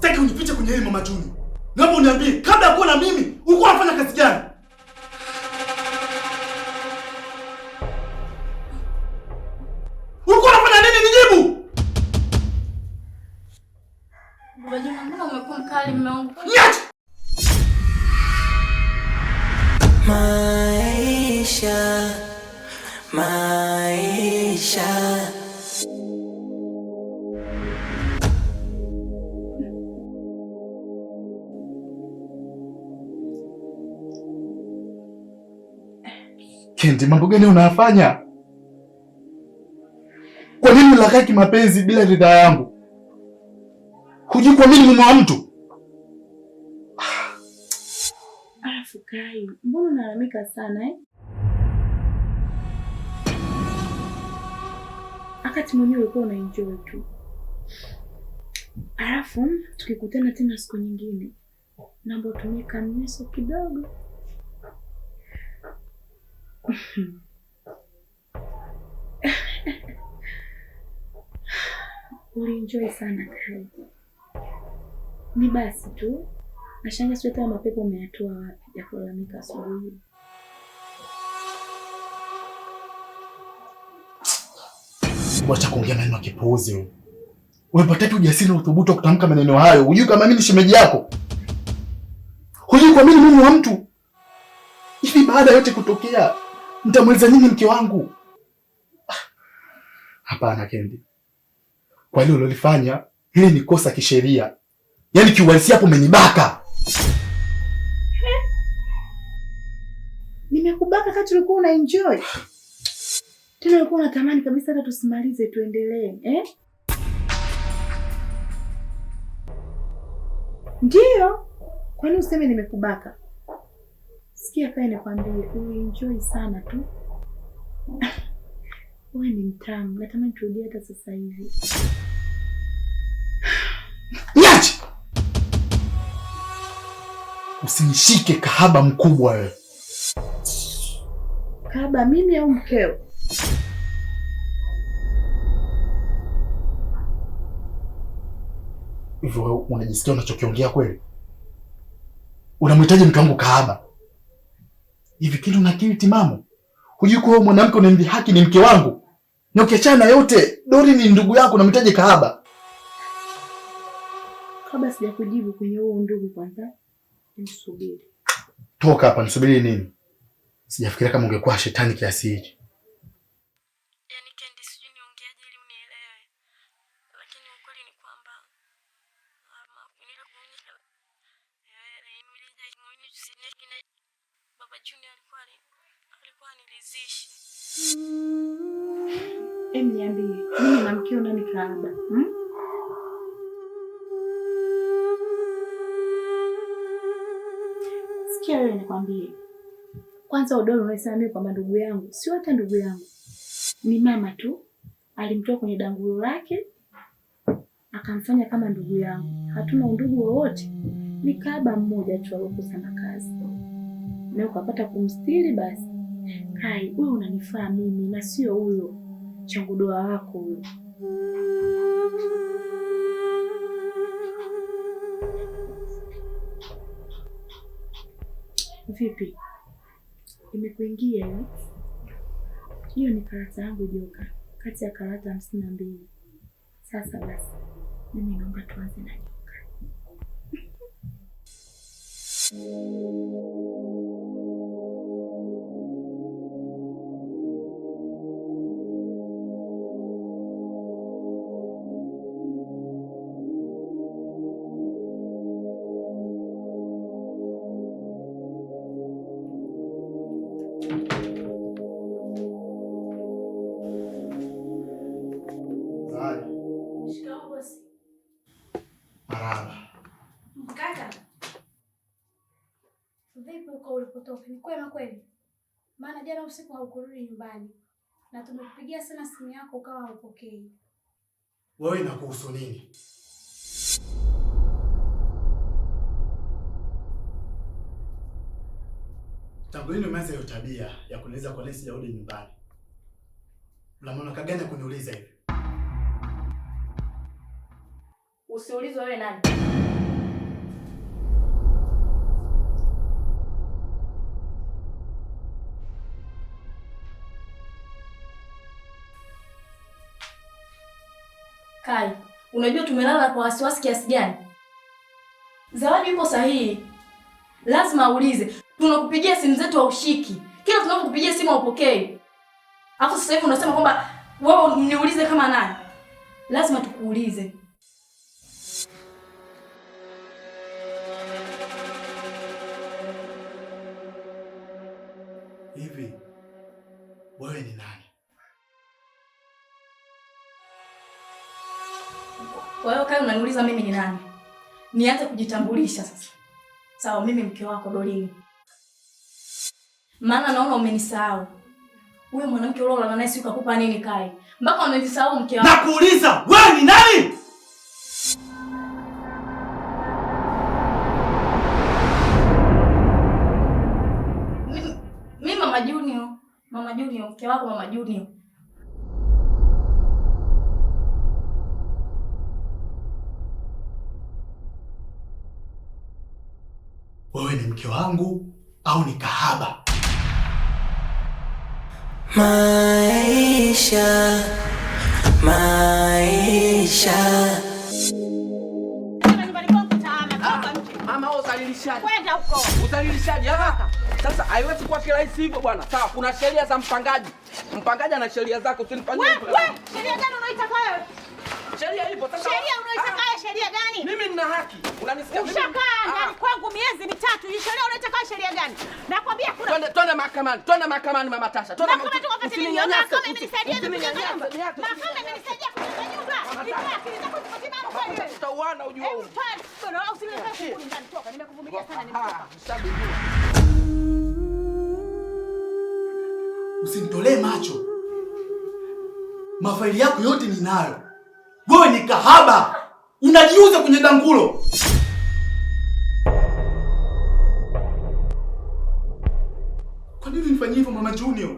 Sitaki unipite kwenye hili Mama Juni. Naomba uniambie kabla ya kuwa na mimi ulikuwa unafanya kazi gani? Binti, mambo gani unayafanya? Kwa nini unakaa kimapenzi bila ridhaa yangu? Hujui kwa mimi mume wa mtu? Alafu Kai, mbona unalalamika sana eh? Wakati mwenyewe ulikuwa unaenjoy tu. Alafu tukikutana tena siku nyingine, naomba utumie kamneso kidogo. Ulienjoy sana kai. Ni basi tu nashanga sweta mapepo umeatua wapi ya kulalamika asubuhi? Wacha kuongea maneno ya kipuuzi. Umepataje ujasiri na uthubutu wa kutamka maneno hayo? Hujui kama mimi ni shemeji yako? Hujui kwa mimi mume wa mtu? Hivi baada yote kutokea Mtamuuliza nini mke wangu? Ah, hapana Kendi, kwa hilo ulilofanya, hili ni kosa kisheria. Yaani kiuhalisia hapo umenibaka. Nimekubaka kati ulikuwa una enjoy. Tena ulikuwa unatamani kabisa hata tusimalize tuendelee, eh? Ndiyo. Kwani useme nimekubaka? Sikia kae nikwambie, uenjoy sana tu. Wewe ni mtamu, natamani turudie hata sasa hivi. Niache! Usinishike kahaba mkubwa wewe. Kahaba mimi au mkeo? Hivyo unajisikia unachokiongea kweli? Unamhitaji mke wangu kahaba? Hivi kile una akili timamu? Hujui kuwa mwanamke haki ni mke wangu? Na ukiachana yote, Dori ni ndugu yako, namhitaji kahaba. Kabla sijakujibu kwenye huo ndugu, kwanza nisubiri. Toka hapa. Nisubiri nini? Sijafikiria kama ungekuwa shetani kiasi hiki. Em, niambie mimi na mkeo nani kaaba hmm? Sikia wewe, nikwambie kwanza, udoro unaesema mimi kwamba ndugu yangu sio hata ndugu yangu, ni mama tu, alimtoa kwenye danguro lake akamfanya kama ndugu yangu. Hatuna undugu wowote, ni kaaba mmoja tu aliokosa makazi na ukapata kumstiri. Basi Kai, wewe unanifaa mimi na sio huyo changudoa wako huyo. Vipi, imekuingia eh? hiyo? ni karata yangu joka, kati ya karata hamsini na mbili. Sasa basi, mimi naomba tuanze na joka. nyumbani na tumekupigia sana simu yako ukawa haupokei. Wewe inakuhusu nini? Tangu lini umeanza hiyo tabia ya kuniuliza kwa nini sijarudi nyumbani? Una maana gani ya kuniuliza hivi? Usiulizwe wewe nani? Kai, unajua tumelala kwa wasiwasi kiasi gani? Zawadi yupo sahihi, lazima aulize. Tunakupigia simu zetu haushiki, kila tunapokupigia simu haupokei, alafu sasa hivi unasema kwamba wewe niulize kama nani? Lazima tukuulize. Hivi wewe ni nani? Kwa hiyo kama unaniuliza mimi ni nani, nianze kujitambulisha sasa. Sawa, mimi mke wako Dolini, maana naona umenisahau. Huyo mwanamke ulala naye si ukakupa nini kai mpaka unajisahau mke wako? Nakuuliza wewe ni nani? Mimi Mama Junior, Mama Junior, mke wako Mama Junior. mke wangu au ni kahaba. Maisha, maisha. Mama Sasa haiwezi kuwa kirahisi hivyo bwana. Sawa, kuna sheria za mpangaji. Mpangaji ana sheria zake, Wewe, sheria gani wewe? Sheria ipo sasa. Sheria unaitaka ah, ah. sheria gani? Mimi nina haki. Unanisikia mimi? Ushakaa ah, ndani kwangu miezi mitatu. Hii sheria unaitaka sheria gani? Nakwambia kuna Twende twende mahakamani. Twende mahakamani Mama Tasha. Twende mahakamani. Mahakama imenisaidia mimi kujenga nyumba. Mahakama imenisaidia kujenga nyumba. Tutauana ujue huko. Usiniletee kuni ndani toka. Nimekuvumilia sana nimetoka. Usinitolee macho. Mafaili yako yote ninayo. Wewe ni kahaba, unajiuza kwenye dangulo. Kwa nini nifanyie hivyo mama Junior?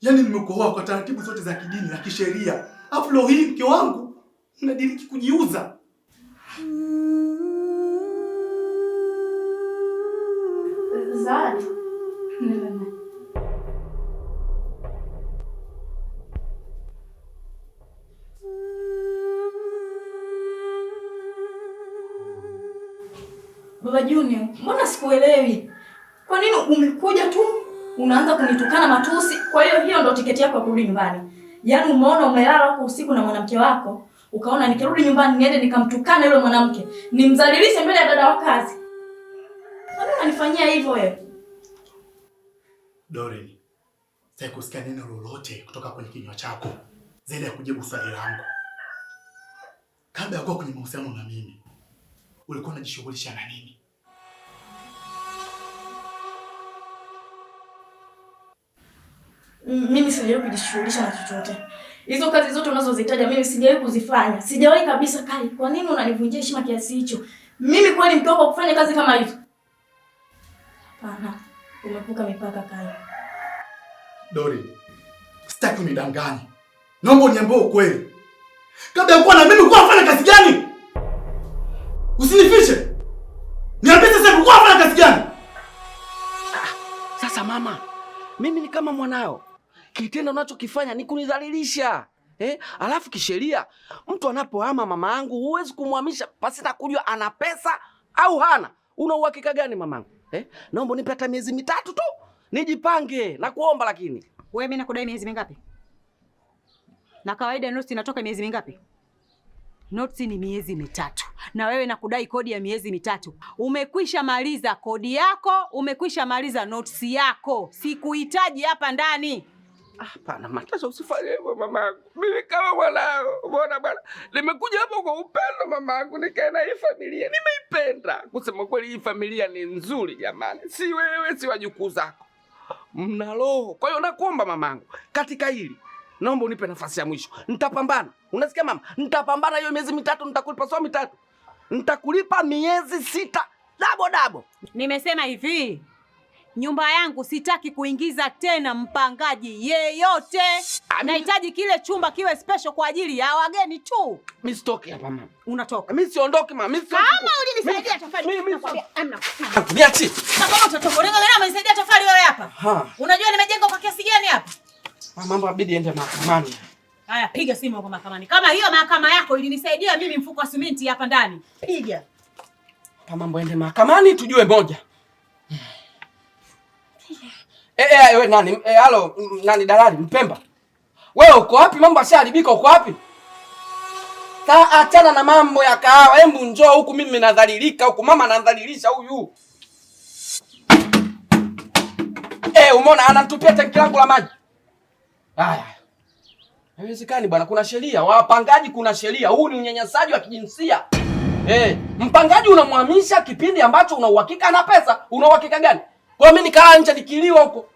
Yaani nimekuoa kwa taratibu zote za kidini na kisheria, afu leo hii mke wangu unadiriki kujiuza. Zawadi. Baba Junior, mbona sikuelewi? Kwa nini umekuja tu unaanza kunitukana matusi? Kwa hiyo hiyo ndo tiketi yako ya kurudi nyumbani? Yaani umeona umelala huko usiku na mwanamke wako, ukaona nikirudi nyumbani niende nikamtukana yule mwanamke, nimdhalilishe mbele ya dada wa kazi. Kwa nini unanifanyia hivyo wewe? Doreen, sikusikia neno lolote kutoka kwenye kinywa chako zaidi ya kujibu swali langu. Kabla ya kuwa kwenye mahusiano na mimi, ulikuwa unajishughulisha na nini? mimi sijawahi kujishughulisha na chochote. Hizo kazi zote unazozitaja mimi sijawahi kuzifanya, sijawahi kabisa. Kai, kwa nini unanivunjia heshima kiasi hicho? Mimi kweli mtu wako kufanya kazi kama hizo? Hapana, umevuka mipaka Kai. Dori, sitaki unidanganye, naomba uniambie ukweli. Kabla ya kuwa na mimi ulikuwa unafanya kazi gani? Usinifiche, niambie sasa, ulikuwa unafanya kazi gani? Ah, sasa mama, mimi ni kama mwanao kitendo unachokifanya ni kunidhalilisha eh? Alafu kisheria mtu anapohama, mama yangu, huwezi kumhamisha pasina kujua ana pesa au hana. Una uhakika gani mamangu eh? Naomba nipe hata miezi mitatu tu nijipange na kuomba. Lakini wewe mimi nakudai miezi mingapi? Na kawaida notes inatoka miezi mingapi? Notes ni miezi mitatu, na wewe nakudai kodi ya miezi mitatu. Umekwisha maliza kodi yako, umekwisha maliza notes yako, sikuhitaji hapa ndani. Hapana, Matasa, usifanye hivyo mamangu. Mimi kama mwanao, umeona bwana, nimekuja hapo kwa upendo mamangu, nikae na hii familia nimeipenda. Kusema kweli, hii familia ni nzuri jamani, si wewe si wajukuu zako, mna roho. Kwa hiyo nakuomba mamangu, katika hili naomba unipe nafasi ya mwisho, nitapambana. Unasikia mama, nitapambana. Hiyo miezi mitatu nitakulipa, sio mitatu, nitakulipa miezi sita, dabo dabo. Nimesema hivi Nyumba yangu sitaki kuingiza tena mpangaji yeyote. Nahitaji kile chumba kiwe special kwa ajili ya wageni tu. Mimi sitoki hapa mama. Unatoka. Mimi siondoki mama. Mimi sitoki. Kama ulinisaidia tafadhali. Mimi amna. Niachi. Kama utatoka leo na umenisaidia tafadhali wewe hapa. Ha. Unajua nimejenga kwa kiasi gani hapa? Ah, mambo yabidi ende mahakamani. Haya, piga simu kwa mahakamani. Kama hiyo mahakama yako ilinisaidia mimi mfuko wa simenti hapa ndani. Piga. Mambo ende mahakamani tujue moja. Eh, eh, eh, we, nani Eh, halo nani dalali Mpemba, wewe uko wapi? Mambo ashaharibika, uko wapi? Ta achana na mambo ya kahawa, hebu njoo huku, mimi nadhalilika huku, mama anadhalilisha huyu. Eh, umeona anatupia tanki langu la maji. Haya. Haiwezekani bwana, kuna sheria. Wapangaji kuna sheria. Huu ni unyanyasaji wa kijinsia. Eh, mpangaji unamhamisha kipindi ambacho una uhakika na pesa. Una uhakika gani? Kwa mimi nikaa nje nikiliwa huko.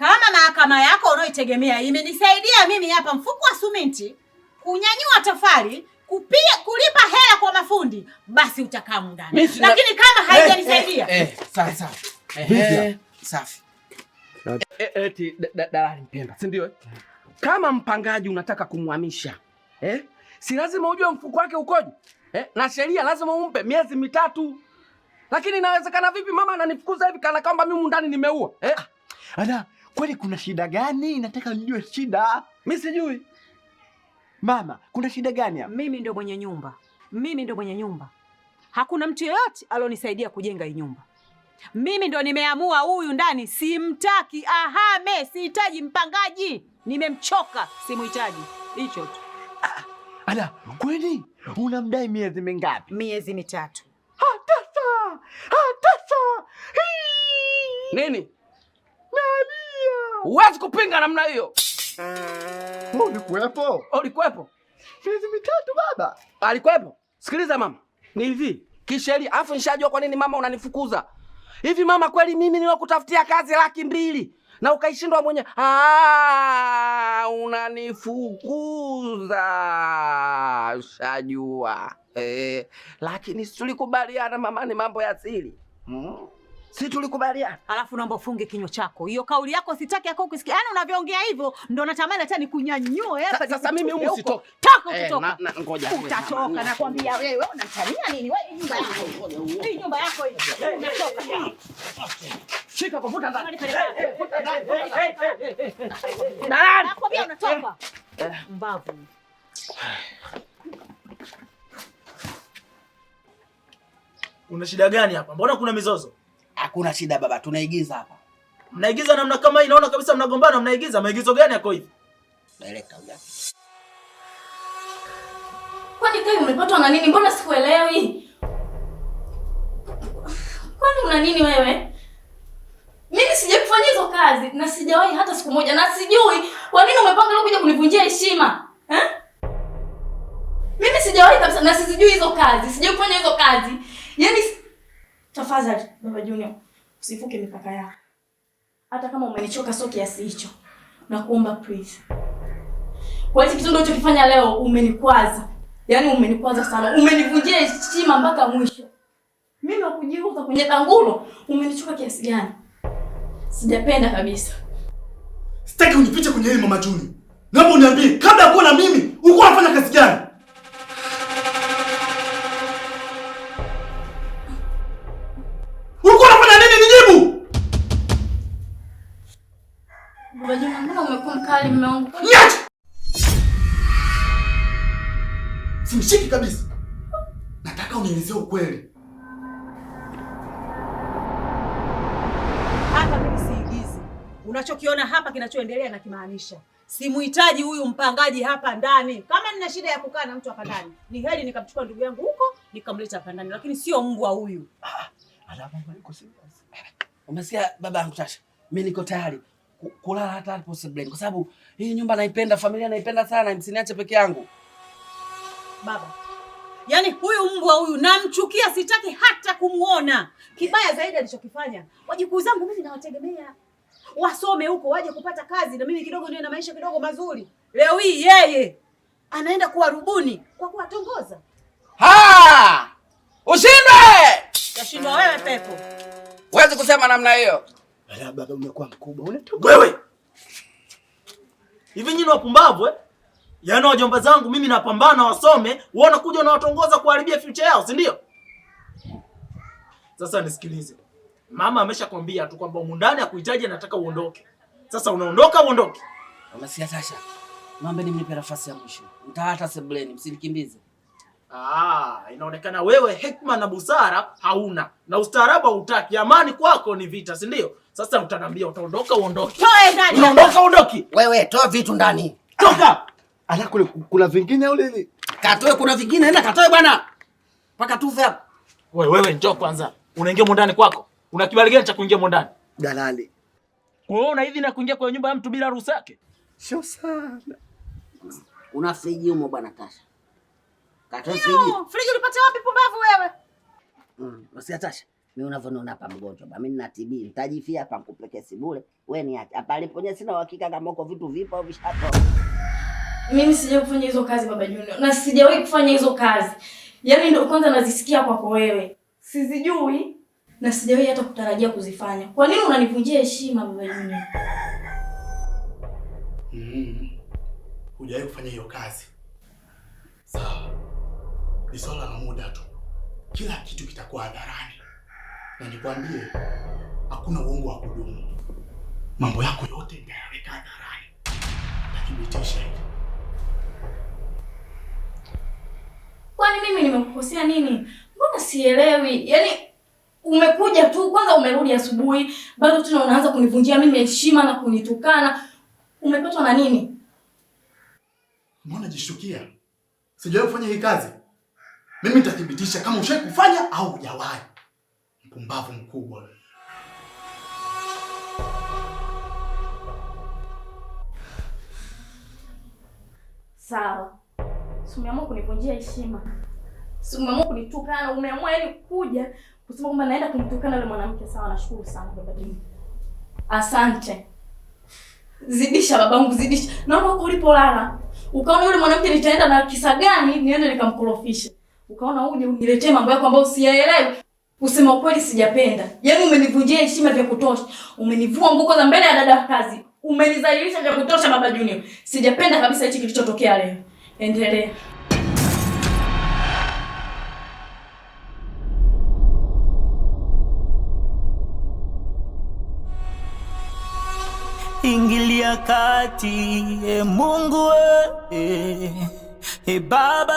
Kama mahakama yako unaoitegemea imenisaidia mimi hapa mfuko wa sumenti kunyanyua tofali kupia kulipa hela kwa mafundi, basi utakaa ndani, lakini kama haijanisaidia eh, eh, eh, sawa sawa, eh, eh safi. Eti dalali mpenda, si ndio? Kama mpangaji unataka kumhamisha eh, si lazima ujue mfuko wake ukoje eh, na sheria lazima umpe miezi mitatu. Lakini inawezekana vipi mama ananifukuza hivi kana kwamba mimi mundani nimeua eh? ada ah, kweli kuna shida gani? Nataka nijue shida. Mimi sijui. Mama, kuna shida gani hapa? Mimi ndo mwenye nyumba, mimi ndo mwenye nyumba. Hakuna mtu yeyote alionisaidia kujenga hii nyumba. Mimi ndo nimeamua huyu ndani simtaki, ahame. Sihitaji mpangaji, nimemchoka, simhitaji. Hicho tu. Ah, ala, kweli unamdai miezi mingapi? Miezi mitatu. Hatasa, hatasa. Nini? Huwezi kupinga namna hiyo. Oh, ulikuwepo? Oh, ulikuwepo. Miezi mitatu baba. Alikuwepo. Sikiliza mama. Ni hivi. Kisheria, afu nishajua kwa nini mama unanifukuza. Hivi mama, kweli mimi nilikutafutia kazi laki mbili na ukaishindwa mwenye Ah, unanifukuza. Shajua. Eh, lakini tulikubaliana mama, ni mambo ya siri. Hmm. Si tulikubaliana? Alafu naomba ufunge kinywa chako. Hiyo kauli yako sitaki yako kusikia. Yaani unavyoongea hivyo ndo natamani hata nikunyanyue hapa. Sasa mimi humu sitoki. Toka eh, kutoka. Ngoja. Utatoka nakwambia wewe. Wewe unanitania nini? Wewe nyumba yako. Hii nyumba yako hii. Eh, eh, unatoka. Shika kwa futa ndani. Futa ndani. Ndani. Nakwambia unatoka. Mbavu. Una shida gani hapa? Mbona kuna mizozo? Hakuna shida baba, tunaigiza hapa. Mnaigiza namna kama hii, naona kabisa mnagombana. Mnaigiza maigizo gani yako hivi? Naeleka huyo. Kwani kai umepatwa na nini? Mbona sikuelewi? Kwani una nini wewe? Mimi sijakufanya hizo kazi na sijawahi hata siku moja na sijui kwa nini umepanga leo kuja kunivunjia heshima. Eh? Mimi sijawahi kabisa na sijui hizo kazi. Sijakufanya hizo kazi. Yaani Tafadhali Baba Junior, usivuke mipaka yako, hata kama umenichoka, sio kiasi hicho. Nakuomba please, kwa hichi kitendo ulichokifanya leo umenikwaza, yaani umenikwaza sana, umenivunjia heshima mpaka mwisho. Mimi nakujiuza kwenye tangulo, umenichoka kiasi gani? Sijapenda kabisa, sitaki unipiche kwenye hili Mama Junior. Naomba uniambie kabla ya kuwa na mimi ulikuwa unafanya kazi gani? mkali mume mm. wangu. Niache. Simshiki kabisa. Nataka unielezee ukweli. Unachokiona hapa kinachoendelea na kimaanisha. Simuhitaji huyu mpangaji hapa ndani. Kama nina shida ya kukaa na mtu hapa ndani, ni heri nikamchukua ndugu yangu huko nikamleta hapa ndani, lakini sio mbwa huyu. Ah, ah. alafu Umesikia baba yangu Tasha? Mimi niko tayari kulala hata hapo sebuleni, kwa sababu hii nyumba naipenda, familia naipenda sana, msiniache peke yangu baba. Yaani huyu mbwa huyu namchukia, sitaki hata kumuona. Kibaya zaidi alichokifanya, wajukuu zangu mimi nawategemea wasome huko waje kupata kazi na mimi kidogo niwe na maisha kidogo mazuri. Leo hii yeye anaenda kuwarubuni kwa kuwatongoza. Ushindwe, Kashindwa wewe pepo, huwezi kusema namna hiyo. La baba, umekuwa mkubwa unatoka wewe. Hivi nyinyi wapumbavu eh? Yaani wajomba zangu mimi napambana wasome, wao wanakuja unawatongoza kuharibia future yao, si ndio? Sasa nisikilize. Mama ameshakwambia tu kwamba umundani akuhitaji anataka uondoke. Sasa unaondoka uondoke. Unasikia Tasha? ni mnipe nafasi ya mwisho. Mtaata sebuleni, msinikimbize. Ah, inaonekana wewe hekima na busara hauna na ustaarabu hutaki. Amani kwako ni vita, si ndio? Sasa utaniambia utaondoka uondoke. Toa ndani. Unaondoka uondoke. Wewe toa vitu ndani. Toka. Ah. Ala kule kuna vingine au hivi? Katoe kuna vingine nenda katoe bwana. Paka tu vya. Wewe wewe njoo kwanza. Unaingia mo ndani kwako. Una kibali gani cha kuingia mo ndani? Dalali. Unaona hivi na kuingia kwa nyumba ya mtu bila ruhusa yake? Sio sana. Una friji umo bwana Tasha. Katoe friji. Friji ulipata wapi pumbavu wewe? Mm, usiatasha. Mimi unavyoniona hapa mgonjwa, mimi ninatibii, nitajifia hapa nikupeleke Sibule. Wewe ni hapa aliponya, sina uhakika kama uko vitu vipo au vishatoka. Mimi sijawahi kufanya hizo kazi Baba Junior, na sijawahi kufanya hizo kazi. Yaani ndio kwanza nazisikia kwako wewe. Sizijui na sijawahi hata kutarajia kuzifanya. Kwa nini unanivunjia heshima Baba Junior? Mm. Hujawahi kufanya hiyo kazi. Sawa. Ni swala la muda tu. Kila kitu kitakuwa hadharani na nikwambie, hakuna uongo wa kudumu. Mambo yako yote nitayaweka hadharani, nithibitisha Kwani mimi nimekukosea nini? Mbona sielewi? Yaani umekuja tu kwanza, umerudi asubuhi bado tena unaanza kunivunjia mimi heshima na kunitukana. Umepatwa na nini? Mbona jishtukia? Sijawahi kufanya hii kazi. Mimi nitathibitisha kama ushawahi kufanya au hujawahi mpumbavu mkubwa. Sawa, si umeamua kunivunjia heshima, si umeamua kunitukana, umeamua yaani kuja kusema kwamba naenda kumtukana yule mwanamke. Sawa, nashukuru sana baba Dini, asante. Zidisha babangu, zidisha. Naomba huko ulipolala ukaona yule mwanamke nitaenda na kisa gani niende nikamkorofisha, ukaona uje uniletee mambo yako ambayo siyaelewi. Kusema kweli sijapenda. Yaani umenivunjia heshima vya kutosha. Umenivua nguo za mbele ya dada wa kazi. Umenizalilisha vya kutosha Baba Junior. Sijapenda kabisa hichi kilichotokea leo. Endelea. Ingilia kati, e Mungu e, e Baba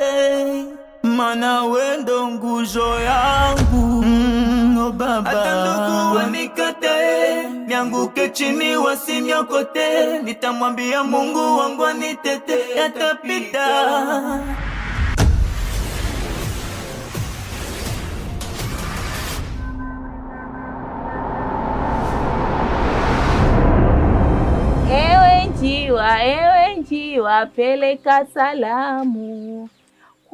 e, e. Mana wendo nguzo yangu mm, oh baba, hata ndugu wanikatae, nianguke chini wasiniokote, nitamwambia Mungu wangu anitete, yatapita Ewe njiwa, ewe njiwa, peleka salamu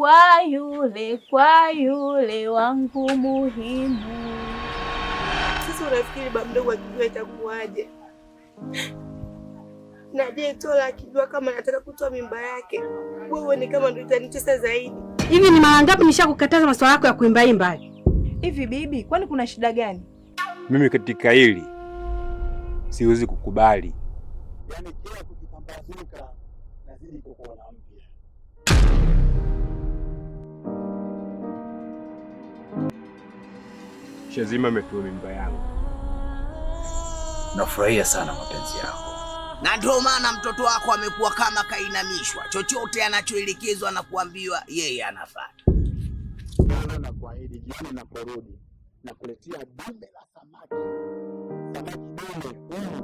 kwa yule, kwa yule wangu muhimu. Sasa unafikiri baba mdogo akijua itakuwaje? Na je, Tola akijua kama nataka kutoa mimba yake, wewe ni kama ndio itanitesa zaidi. Hivi ni mara ngapi nishakukataza maswala yako ya kuimbaimba hivi? Bibi, kwani kuna shida gani? Mimi katika hili siwezi kukubali, yaani kila kukipambazuka lazima kukuona mtu Shazima ametua mimba yangu. Nafurahia sana mapenzi yako, na ndio maana mtoto wako amekuwa kama kainamishwa, chochote anachoelekezwa na kuambiwa yeye anafuata. Jana na kuahidi, jioni naporudi nakuletea dume la samaki, samaki dume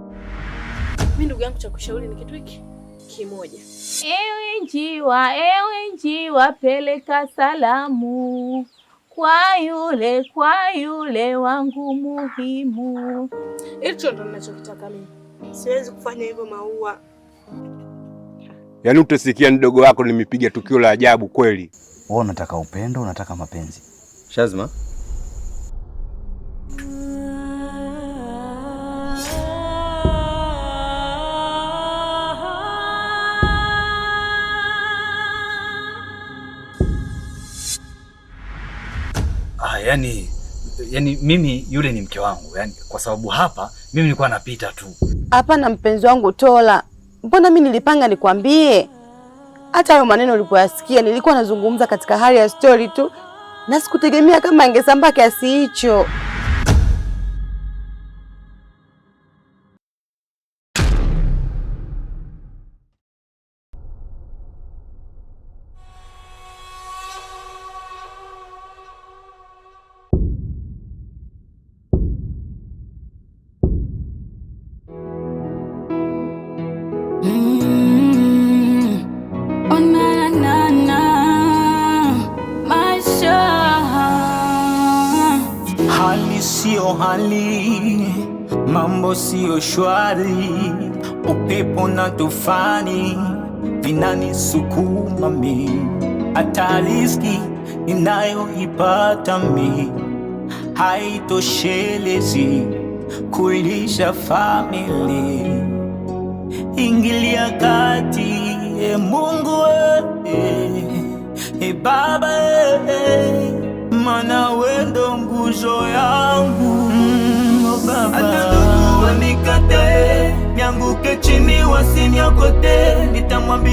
Mimi ndugu yangu, cha kushauri ni kitu hiki kimoja. Ewe njiwa, ewe njiwa, peleka salamu kwa yule kwa yule wangu muhimu. Hicho ndo ninachokitaka mimi. Siwezi kufanya hivyo Maua. Yaani utasikia mdogo wako nimepiga tukio la ajabu kweli. Wewe unataka upendo, unataka mapenzi. Shazma yani, yani mimi yule ni mke wangu yani, kwa sababu hapa mimi nilikuwa napita tu. Hapana mpenzi wangu Tola, mbona mimi nilipanga nikwambie. Hata hayo maneno ulipoyasikia nilikuwa nazungumza katika hali ya stori tu, na sikutegemea kama angesambaa kiasi hicho. hali siyo hali, mambo siyo shwari, upepo na tufani vinanisukuma mi, hata riziki ninayoipata mi haitoshelezi kulisha famili. Ingilia kati, e Mungu e, e Baba e, mana wendo nguzo yangu mm, oh, hata ndugu wanikate, nianguke chini wasiniokote, nitamwambia